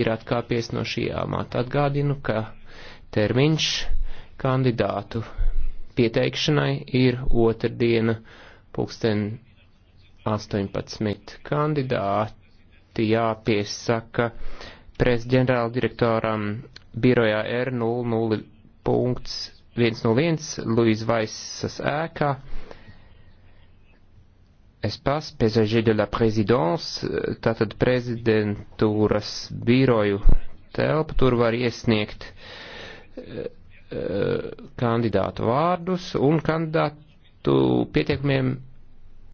ir atkāpies no šī amata. Atgādinu, ka termiņš kandidātu pieteikšanai ir otrdiena pulksten 18. Kandidāti jāpiesaka prezģenerāla direktoram birojā R00.101 Luis Vaisas ēkā espace PSG de la prezidents, eh, tātad prezidentūras biroju telpu, tur var iesniegt eh, eh, kandidātu vārdus un kandidātu pietiekumiem